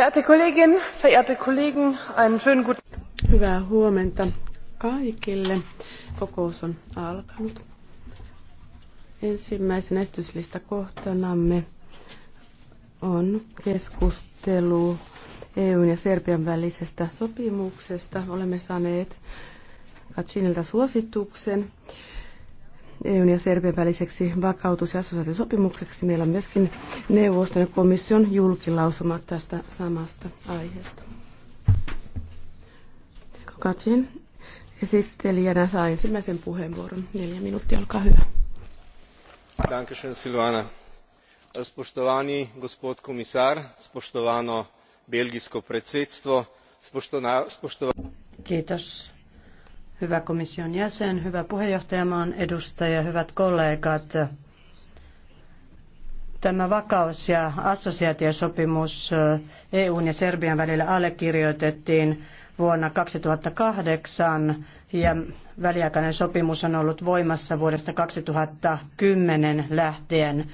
Verehrte Kollegin, verehrte Kollegen, einen schönen guten... Hyvää huomenta kaikille. Kokous on alkanut. Ensimmäisen esityslista kohtanamme on keskustelu EUn ja Serbian välisestä sopimuksesta. Olemme saaneet Kacinilta suosituksen. EUn ja Serbian väliseksi vakautus- ja assosiaatiosopimukseksi. Meillä on myöskin neuvoston ja komission julkilausuma tästä samasta aiheesta. Kokacin esittelijänä saa ensimmäisen puheenvuoron. Neljä minuuttia, olkaa hyvä. Dankeschön Silvana. Spoštovani gospod komisar, spoštovano belgijsko predsedstvo, spoštovano... Kiitos hyvä komission jäsen, hyvä puheenjohtajamaan edustaja, hyvät kollegat. Tämä vakaus- ja assosiaatiosopimus eh, EUn ja Serbian välillä allekirjoitettiin vuonna 2008 ja väliaikainen sopimus on ollut voimassa vuodesta 2010 lähtien.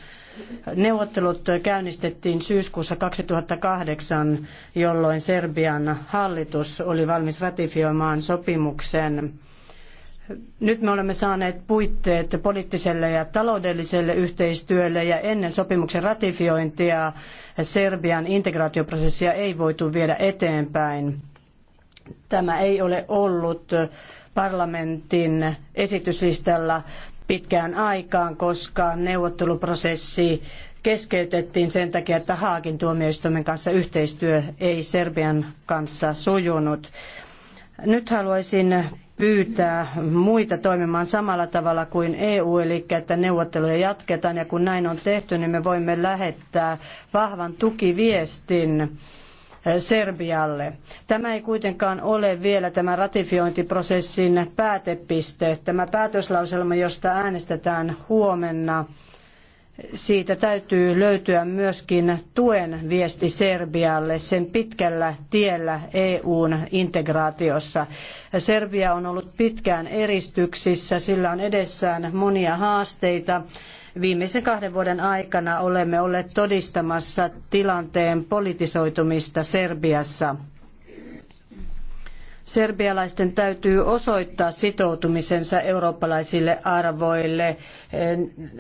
Neuvottelut käynnistettiin syyskuussa 2008, jolloin Serbian hallitus oli valmis ratifioimaan sopimuksen. Nyt me olemme saaneet puitteet poliittiselle ja taloudelliselle yhteistyölle ja ennen sopimuksen ratifiointia Serbian integraatioprosessia ei voitu viedä eteenpäin. Tämä ei ole ollut parlamentin esityslistalla pitkään aikaan, koska neuvotteluprosessi keskeytettiin sen takia, että Haakin tuomioistuimen kanssa yhteistyö ei Serbian kanssa sujunut. Nyt haluaisin pyytää muita toimimaan samalla tavalla kuin EU, eli että neuvotteluja jatketaan ja kun näin on tehty, niin me voimme lähettää vahvan tukiviestin Serbialle. Tämä ei kuitenkaan ole vielä tämän ratifiointiprosessin päätepiste. Tämä päätöslauselma, josta äänestetään huomenna, siitä täytyy löytyä myöskin tuen viesti Serbialle sen pitkällä tiellä EUn integraatiossa. Serbia on ollut pitkään eristyksissä, sillä on edessään monia haasteita Viimeisen kahden vuoden aikana olemme olleet todistamassa tilanteen politisoitumista Serbiassa. Serbialaisten täytyy osoittaa sitoutumisensa eurooppalaisille arvoille.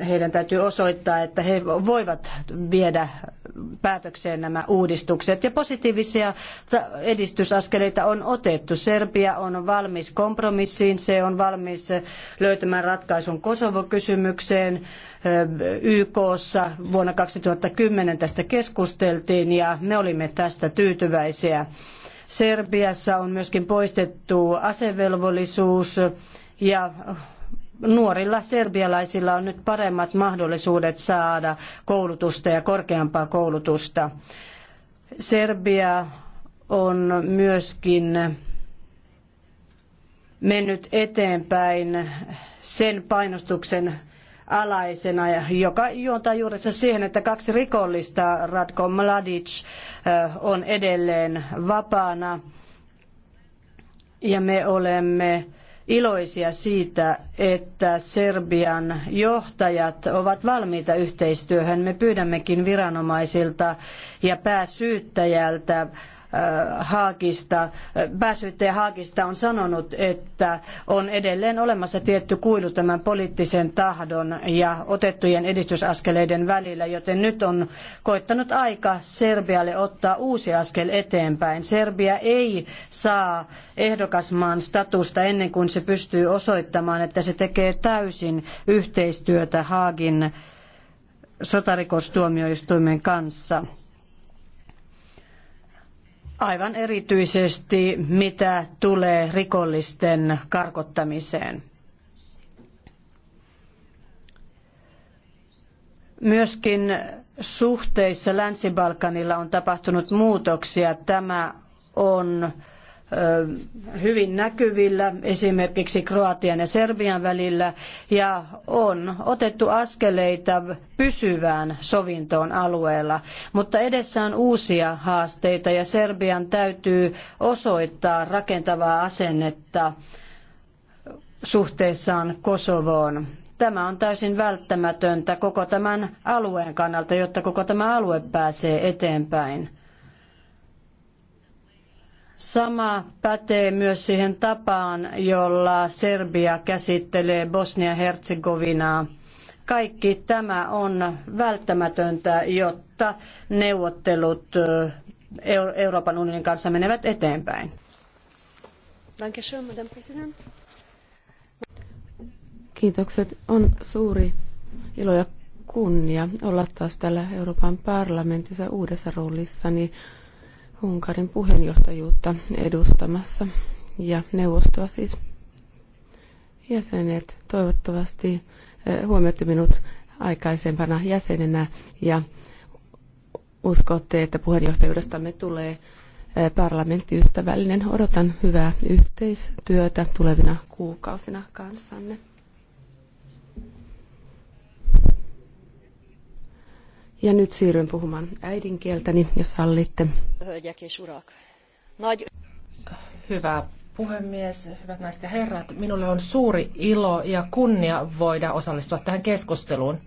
Heidän täytyy osoittaa, että he voivat viedä päätökseen nämä uudistukset. Ja positiivisia edistysaskeleita on otettu. Serbia on valmis kompromissiin, se on valmis löytämään ratkaisun Kosovo-kysymykseen. YKssa vuonna 2010 tästä keskusteltiin ja me olimme tästä tyytyväisiä. Serbiassa on myöskin poistettu asevelvollisuus ja nuorilla serbialaisilla on nyt paremmat mahdollisuudet saada koulutusta ja korkeampaa koulutusta. Serbia on myöskin mennyt eteenpäin sen painostuksen alaisena, joka juontaa juurensa siihen, että kaksi rikollista, Ratko Mladic, on edelleen vapaana. Ja me olemme iloisia siitä, että Serbian johtajat ovat valmiita yhteistyöhön. Me pyydämmekin viranomaisilta ja pääsyyttäjältä Haagista, pääsyyttäjä Haagista on sanonut, että on edelleen olemassa tietty kuilu tämän poliittisen tahdon ja otettujen edistysaskeleiden välillä, joten nyt on koittanut aika Serbialle ottaa uusi askel eteenpäin. Serbia ei saa ehdokasmaan statusta ennen kuin se pystyy osoittamaan, että se tekee täysin yhteistyötä Haagin sotarikostuomioistuimen kanssa. Aivan erityisesti mitä tulee rikollisten karkottamiseen. Myöskin suhteissa Länsi-Balkanilla on tapahtunut muutoksia. Tämä on hyvin näkyvillä esimerkiksi Kroatian ja Serbian välillä ja on otettu askeleita pysyvään sovintoon alueella. Mutta edessä on uusia haasteita ja Serbian täytyy osoittaa rakentavaa asennetta suhteessaan Kosovoon. Tämä on täysin välttämätöntä koko tämän alueen kannalta, jotta koko tämä alue pääsee eteenpäin. Sama pätee myös siihen tapaan, jolla Serbia käsittelee Bosnia-Herzegovinaa. Kaikki tämä on välttämätöntä, jotta neuvottelut Euroopan unionin kanssa menevät eteenpäin. Kiitokset. On suuri ilo ja kunnia olla taas täällä Euroopan parlamentissa uudessa roolissani. Niin Unkarin puheenjohtajuutta edustamassa ja neuvostoa siis. Jäsenet toivottavasti eh, huomioitte minut aikaisempana jäsenenä ja uskotte, että puheenjohtajuudestamme tulee eh, parlamenttiystävällinen. Odotan hyvää yhteistyötä tulevina kuukausina kanssanne. Ja nyt siirryn puhumaan äidinkieltäni, jos sallitte. Hyvä puhemies, hyvät naiset ja herrat. Minulle on suuri ilo ja kunnia voida osallistua tähän keskusteluun,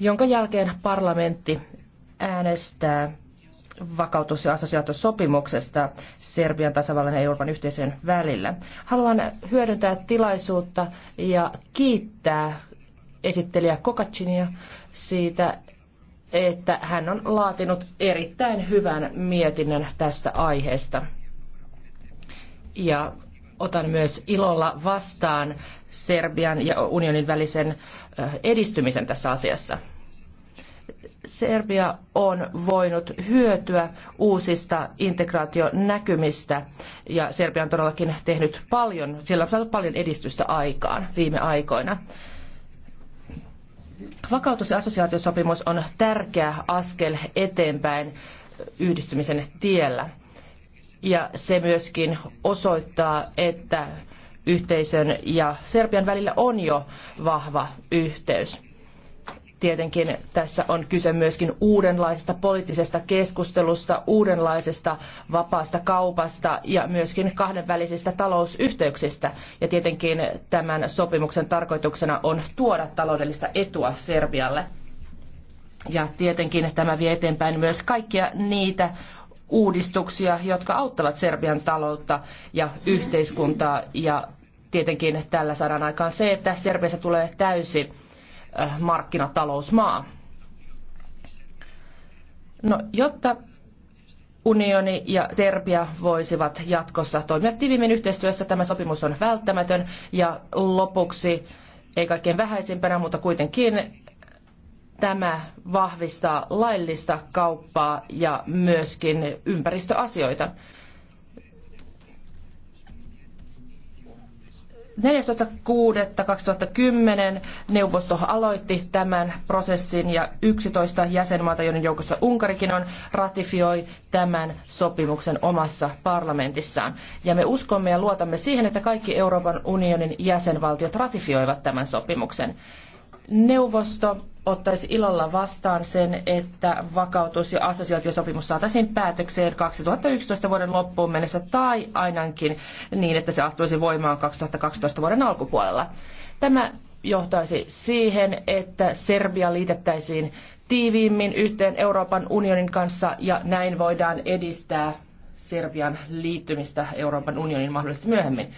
jonka jälkeen parlamentti äänestää vakautus- ja assosiaatiosopimuksesta Serbian tasavallan ja Euroopan yhteisön välillä. Haluan hyödyntää tilaisuutta ja kiittää esittelijä Kokacinia siitä, että hän on laatinut erittäin hyvän mietinnön tästä aiheesta. Ja otan myös ilolla vastaan Serbian ja unionin välisen edistymisen tässä asiassa. Serbia on voinut hyötyä uusista integraationäkymistä ja Serbia on todellakin tehnyt paljon, sillä on saatu paljon edistystä aikaan viime aikoina. Vakautus- ja assosiaatiosopimus on tärkeä askel eteenpäin yhdistymisen tiellä. Ja se myöskin osoittaa, että yhteisön ja Serbian välillä on jo vahva yhteys tietenkin tässä on kyse myöskin uudenlaisesta poliittisesta keskustelusta, uudenlaisesta vapaasta kaupasta ja myöskin kahdenvälisistä talousyhteyksistä. Ja tietenkin tämän sopimuksen tarkoituksena on tuoda taloudellista etua Serbialle. Ja tietenkin tämä vie eteenpäin myös kaikkia niitä uudistuksia, jotka auttavat Serbian taloutta ja yhteiskuntaa. Ja tietenkin tällä saadaan aikaan se, että Serbiassa tulee täysi Äh, markkinatalousmaa. No, jotta unioni ja Terpia voisivat jatkossa toimia tiiviimmin yhteistyössä, tämä sopimus on välttämätön. Ja lopuksi, ei kaikkein vähäisimpänä, mutta kuitenkin tämä vahvistaa laillista kauppaa ja myöskin ympäristöasioita. 14.6.2010 neuvosto aloitti tämän prosessin ja 11 jäsenmaata, joiden joukossa Unkarikin on, ratifioi tämän sopimuksen omassa parlamentissaan. Ja me uskomme ja luotamme siihen, että kaikki Euroopan unionin jäsenvaltiot ratifioivat tämän sopimuksen. Neuvosto ottaisi ilolla vastaan sen, että vakautus- ja assosiaatiosopimus saataisiin päätökseen 2011 vuoden loppuun mennessä tai ainakin niin, että se astuisi voimaan 2012 vuoden alkupuolella. Tämä johtaisi siihen, että Serbia liitettäisiin tiiviimmin yhteen Euroopan unionin kanssa ja näin voidaan edistää Serbian liittymistä Euroopan unionin mahdollisesti myöhemmin.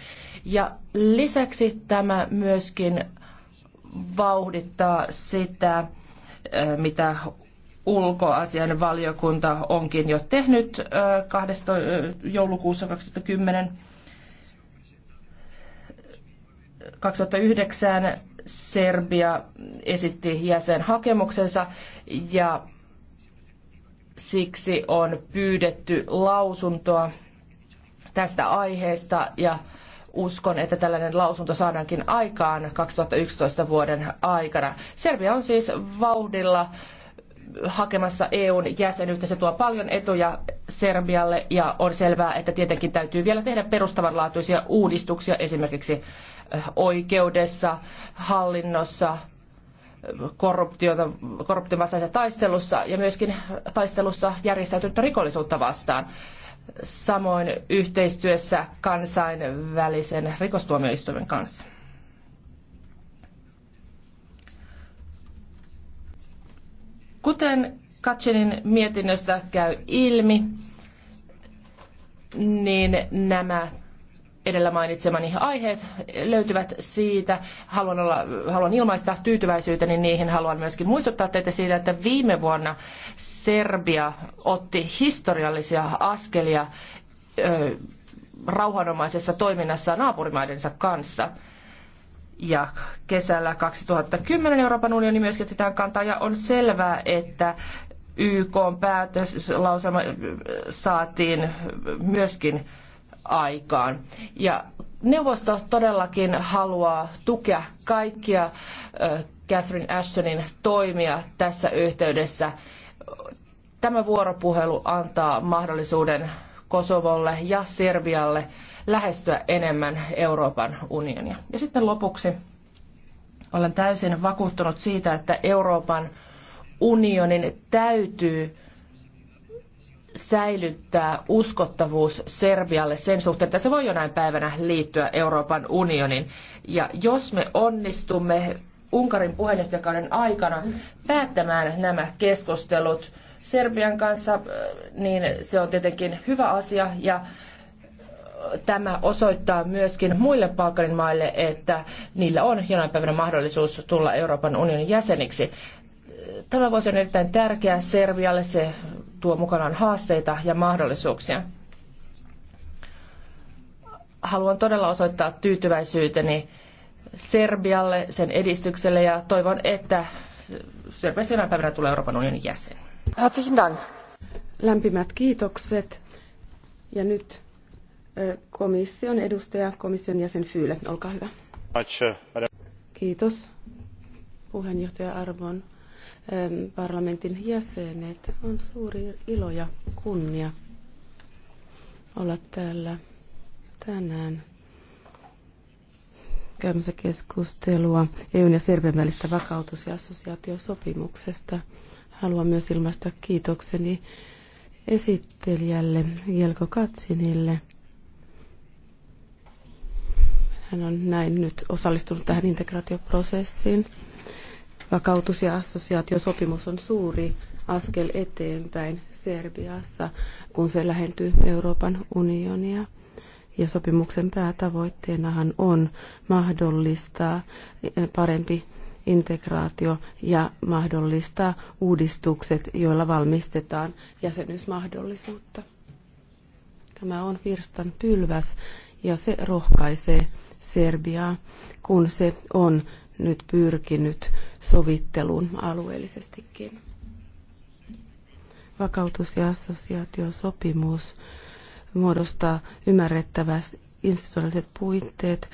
Ja lisäksi tämä myöskin vauhdittaa sitä, mitä ulkoasian valiokunta onkin jo tehnyt 12. joulukuussa 2010. 2009 Serbia esitti jäsenhakemuksensa ja siksi on pyydetty lausuntoa tästä aiheesta ja uskon, että tällainen lausunto saadaankin aikaan 2011 vuoden aikana. Serbia on siis vauhdilla hakemassa EUn jäsenyyttä. Se tuo paljon etuja Serbialle ja on selvää, että tietenkin täytyy vielä tehdä perustavanlaatuisia uudistuksia esimerkiksi äh, oikeudessa, hallinnossa, korruptiota, korruption vastaisessa taistelussa ja myöskin taistelussa järjestäytynyttä rikollisuutta vastaan samoin yhteistyössä kansainvälisen rikostuomioistuimen kanssa. Kuten Katsinin mietinnöstä käy ilmi, niin nämä edellä mainitsemani aiheet löytyvät siitä. Haluan, olla, haluan ilmaista tyytyväisyyteni niihin. Haluan myöskin muistuttaa teitä siitä, että viime vuonna Serbia otti historiallisia askelia ö, rauhanomaisessa toiminnassa naapurimaidensa kanssa. Ja kesällä 2010 Euroopan unioni myöskin otetaan kantaa ja on selvää, että YK päätöslauselma saatiin myöskin aikaan. Ja neuvosto todellakin haluaa tukea kaikkia Catherine Ashtonin toimia tässä yhteydessä. Tämä vuoropuhelu antaa mahdollisuuden Kosovolle ja Serbialle lähestyä enemmän Euroopan unionia. Ja sitten lopuksi olen täysin vakuuttunut siitä, että Euroopan unionin täytyy säilyttää uskottavuus Serbialle sen suhteen, että se voi jonain päivänä liittyä Euroopan unioniin. Ja jos me onnistumme Unkarin puheenjohtajakauden aikana päättämään nämä keskustelut Serbian kanssa, äh, niin se on tietenkin hyvä asia ja äh, tämä osoittaa myöskin muille Balkanin maille, että niillä on jonain päivänä mahdollisuus tulla Euroopan unionin jäseniksi. Äh, tämä voisi on erittäin tärkeä Serbialle, se tuo mukanaan haasteita ja mahdollisuuksia. Haluan todella osoittaa tyytyväisyyteni Serbialle, sen edistykselle ja toivon, että Serbia senä päivänä tulee Euroopan unionin jäsen. Herzlichen Dank. Lämpimät kiitokset. Ja nyt komission edustaja, komission jäsen Fyyle, olkaa hyvä. Uh, Kiitos puheenjohtaja Arvon parlamentin jäsenet. On suuri ilo ja kunnia olla täällä tänään käymässä keskustelua EUn ja Serbian välistä vakautus- ja assosiaatiosopimuksesta. Haluan myös ilmaista kiitokseni esittelijälle Jelko Katsinille. Hän on näin nyt osallistunut tähän integraatioprosessiin. Vakautus- ja assosiaatiosopimus on suuri askel eteenpäin Serbiassa, kun se lähentyy Euroopan unionia. Ja sopimuksen päätavoitteenahan on mahdollistaa parempi integraatio ja mahdollistaa uudistukset, joilla valmistetaan jäsenyysmahdollisuutta. Tämä on virstan pylväs ja se rohkaisee Serbiaa, kun se on nyt pyrkinyt sovitteluun alueellisestikin. Vakautus- ja assosiaatiosopimus muodostaa ymmärrettävät institutionaaliset puitteet.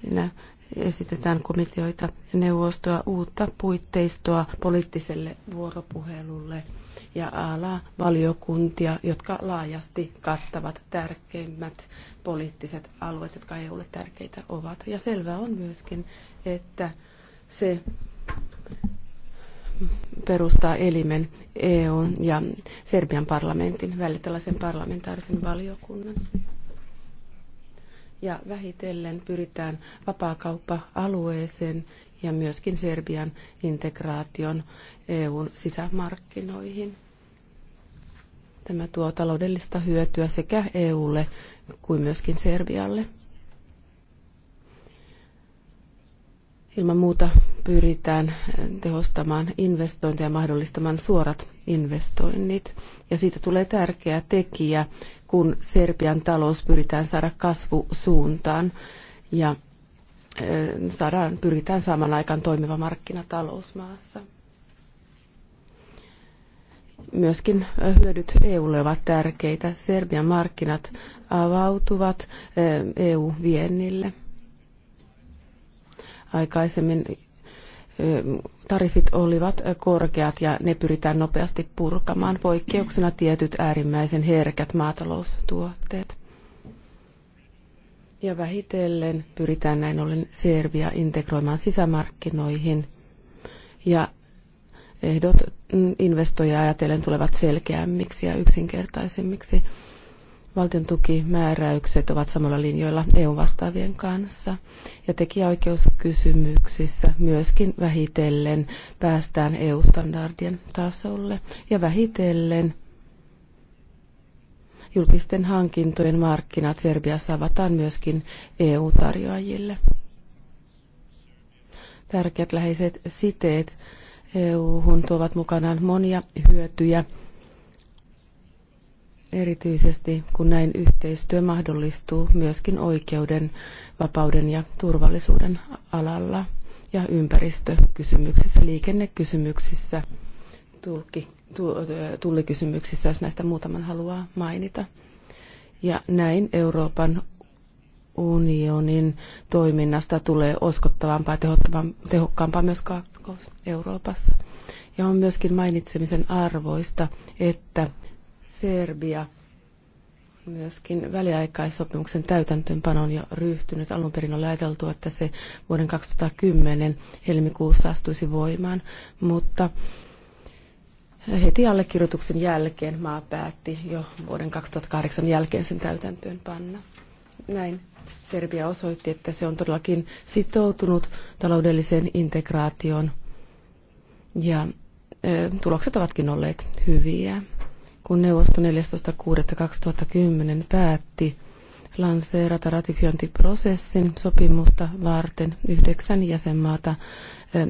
Siinä esitetään komiteoita ja neuvostoa uutta puitteistoa poliittiselle vuoropuhelulle ja ala-valiokuntia, jotka laajasti kattavat tärkeimmät poliittiset alueet, jotka EUlle tärkeitä ovat. Ja selvää on myöskin, että se perustaa elimen n e ja Serbian parlamentin välillä tällaisen parlamentaarisen valiokunnan. Ja vähitellen pyritään vapaakauppa-alueeseen ja myöskin Serbian integraation EUn sisämarkkinoihin. Tämä tuo taloudellista hyötyä sekä EUlle kuin myöskin Serbialle. Ilman muuta pyritään tehostamaan investointeja ja mahdollistamaan suorat investoinnit. Ja siitä tulee tärkeä tekijä, kun Serbian talous pyritään saada kasvusuuntaan ja saadaan, pyritään saamaan aikaan toimiva markkinatalous maassa. Myöskin hyödyt EUlle ovat tärkeitä. Serbian markkinat avautuvat EU-viennille aikaisemmin tarifit olivat korkeat ja ne pyritään nopeasti purkamaan poikkeuksena tietyt äärimmäisen herkät maataloustuotteet. Ja vähitellen pyritään näin ollen Serbia integroimaan sisämarkkinoihin ja ehdot mm, investoijia ajatellen tulevat selkeämmiksi ja yksinkertaisemmiksi. Valtion tukimääräykset ovat samalla linjoilla eu vastaavien kanssa ja tekijäoikeuskysymyksissä myöskin vähitellen päästään EU-standardien tasolle ja vähitellen julkisten hankintojen markkinat Serbiassa avataan myöskin EU-tarjoajille. Tärkeät läheiset siteet EU-hun tuovat mukanaan monia hyötyjä erityisesti kun näin yhteistyö mahdollistuu myöskin oikeuden, vapauden ja turvallisuuden alalla ja ympäristökysymyksissä, liikennekysymyksissä, tulkki, tullikysymyksissä, jos näistä muutaman haluaa mainita. Ja näin Euroopan unionin toiminnasta tulee uskottavampaa ja tehokkaampaa myös Kaakkois-Euroopassa. Ja on myöskin mainitsemisen arvoista, että Serbia myöskin väliaikaissopimuksen täytäntöönpano on jo ryhtynyt. Alun perin on ajateltu, että se vuoden 2010 helmikuussa astuisi voimaan, mutta heti allekirjoituksen jälkeen maa päätti jo vuoden 2008 jälkeen sen täytäntöönpanna. Näin Serbia osoitti, että se on todellakin sitoutunut taloudelliseen integraatioon ja ö, tulokset ovatkin olleet hyviä kun neuvosto 14.6.2010 päätti lanseerata ratifiointiprosessin sopimusta varten. Yhdeksän jäsenmaata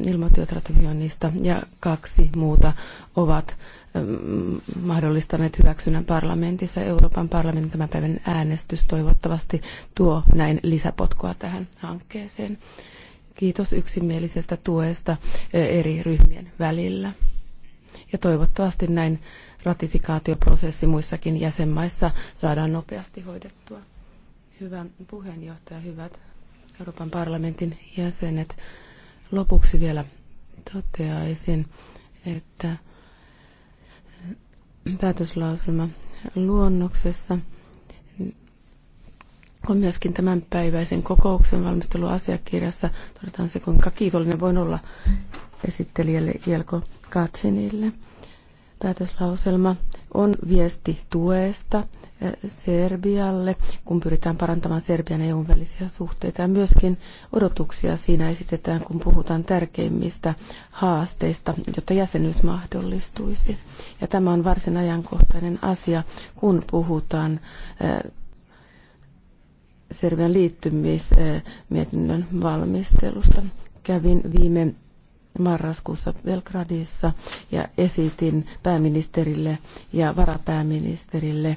ilmoittivat ratifioinnista ja kaksi muuta ovat mahdollistaneet hyväksynnän parlamentissa. Euroopan parlamentin tämän päivän äänestys toivottavasti tuo näin lisäpotkua tähän hankkeeseen. Kiitos yksimielisestä tuesta eri ryhmien välillä. Ja toivottavasti näin ratifikaatioprosessi muissakin jäsenmaissa saadaan nopeasti hoidettua. Hyvä puheenjohtaja, hyvät Euroopan parlamentin jäsenet. Lopuksi vielä toteaisin, että päätöslauselma luonnoksessa on myöskin tämän päiväisen kokouksen valmisteluasiakirjassa. Todetaan se, kuinka kiitollinen voin olla esittelijälle Jelko Katsinille päätöslauselma on viesti tuesta eh, Serbialle, kun pyritään parantamaan Serbian ja EUn välisiä suhteita ja myöskin odotuksia siinä esitetään, kun puhutaan tärkeimmistä haasteista, jotta jäsenyys mahdollistuisi. Ja tämä on varsin ajankohtainen asia, kun puhutaan eh, Serbian liittymismietinnön eh, valmistelusta. Kävin viime marraskuussa Belgradissa ja esitin pääministerille ja varapääministerille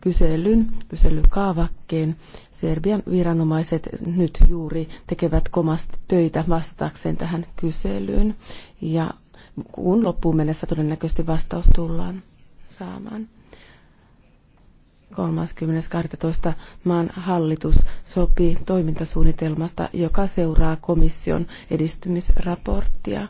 kyselyn, kyselykaavakkeen. Serbian viranomaiset nyt juuri tekevät komasti töitä vastatakseen tähän kyselyyn ja kun loppuun mennessä todennäköisesti vastaus tullaan saamaan. 30.12. maan hallitus sopii toimintasuunnitelmasta, joka seuraa komission edistymisraporttia.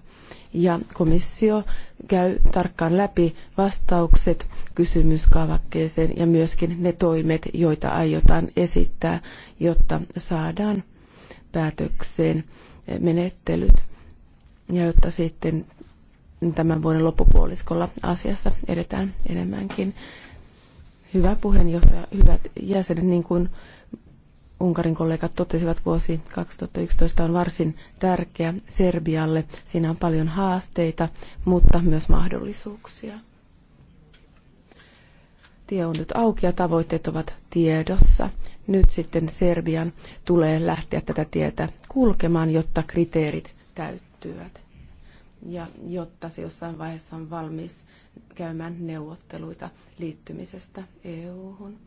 Ja komissio käy tarkkaan läpi vastaukset kysymyskaavakkeeseen ja myöskin ne toimet, joita aiotaan esittää, jotta saadaan päätökseen menettelyt ja jotta sitten tämän vuoden loppupuoliskolla asiassa edetään enemmänkin. Hyvä puheenjohtaja, hyvät jäsenet, niin kuin Unkarin kollegat totesivat, vuosi 2011 on varsin tärkeä Serbialle. Siinä on paljon haasteita, mutta myös mahdollisuuksia. Tie on nyt auki ja tavoitteet ovat tiedossa. Nyt sitten Serbian tulee lähteä tätä tietä kulkemaan, jotta kriteerit täyttyvät ja jotta se jossain vaiheessa on valmis käymään neuvotteluita liittymisestä EU-hun.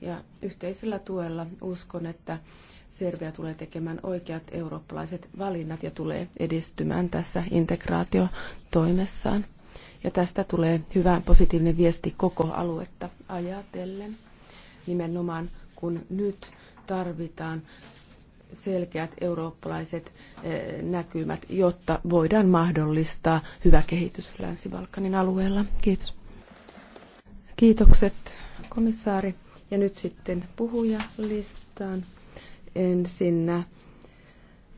Ja yhteisellä tuella uskon, että Serbia tulee tekemään oikeat eurooppalaiset valinnat ja tulee edistymään tässä integraatiotoimessaan. Ja tästä tulee hyvä positiivinen viesti koko aluetta ajatellen. Nimenomaan kun nyt tarvitaan selkeät eurooppalaiset eh, näkymät, jotta voidaan mahdollistaa hyvä kehitys Länsi-Balkanin alueella. Kiitos. Kiitokset komissaari. Ja nyt sitten puhujalistaan. Ensinnä eh,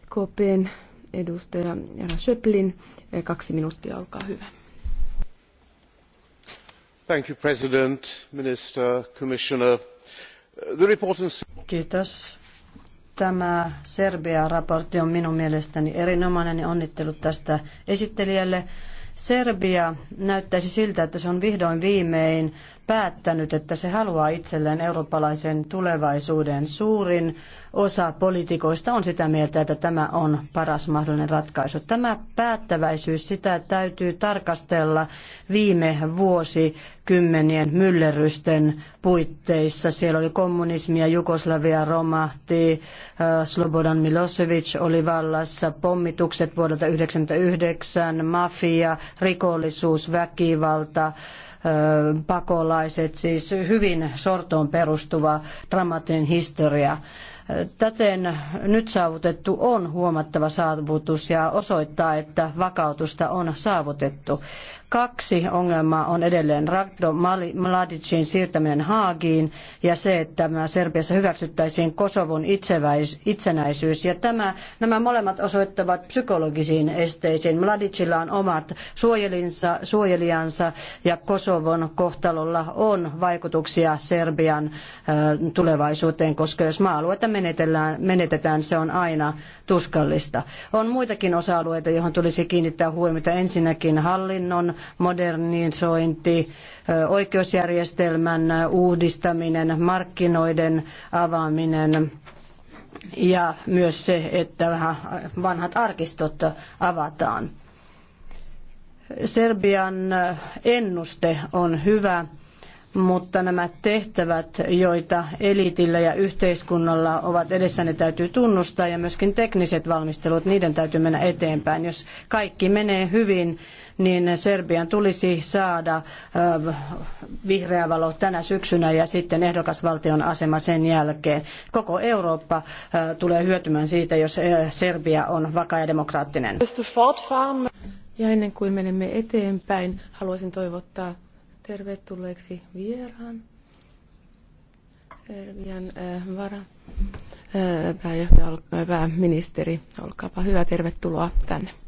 KPn edustaja Jara Schöplin. Eh, kaksi minuuttia, olkaa hyvä. Thank you, President, Minister, Commissioner. The report... Kiitos, Tämä Serbia-raportti on minun mielestäni erinomainen ja onnittelut tästä esittelijälle. Serbia näyttäisi siltä, että se on vihdoin viimein päättänyt, että se haluaa itselleen eurooppalaisen tulevaisuuden. Suurin osa poliitikoista on sitä mieltä, että tämä on paras mahdollinen ratkaisu. Tämä päättäväisyys, sitä täytyy tarkastella viime vuosikymmenien myllerrysten puitteissa. Siellä oli ja Jugoslavia romahti, äh, Slobodan Milosevic oli vallassa, pommitukset vuodelta 1999, mafia, rikollisuus, väkivalta, pakolaiset, siis hyvin sortoon perustuva dramaattinen historia. Täten nyt saavutettu on huomattava saavutus ja osoittaa, että vakautusta on saavutettu. Kaksi ongelmaa on edelleen Radko Mladicin siirtäminen Haagiin ja se, että Serbiassa hyväksyttäisiin Kosovon itsenäisyys. Ja tämä, nämä molemmat osoittavat psykologisiin esteisiin. Mladicilla on omat suojelinsa, suojelijansa ja Kosovon kohtalolla on vaikutuksia Serbian tulevaisuuteen, koska jos maa aluetta menetetään, se on aina tuskallista. On muitakin osa-alueita, johon tulisi kiinnittää huomiota. Ensinnäkin hallinnon modernisointi, oikeusjärjestelmän uudistaminen, markkinoiden avaaminen ja myös se, että vanhat arkistot avataan. Serbian ennuste on hyvä mutta nämä tehtävät, joita eliitillä ja yhteiskunnalla ovat edessä, ne täytyy tunnustaa ja myöskin tekniset valmistelut, niiden täytyy mennä eteenpäin. Jos kaikki menee hyvin, niin Serbian tulisi saada vihreä valo tänä syksynä ja sitten ehdokasvaltion asema sen jälkeen. Koko Eurooppa tulee hyötymään siitä, jos Serbia on vakaa ja demokraattinen. Ja ennen kuin menemme eteenpäin, haluaisin toivottaa tervetulleeksi vieraan. Servian äh, vara äh, pääjohtaja, äh, pääministeri, olkaapa hyvä, tervetuloa tänne.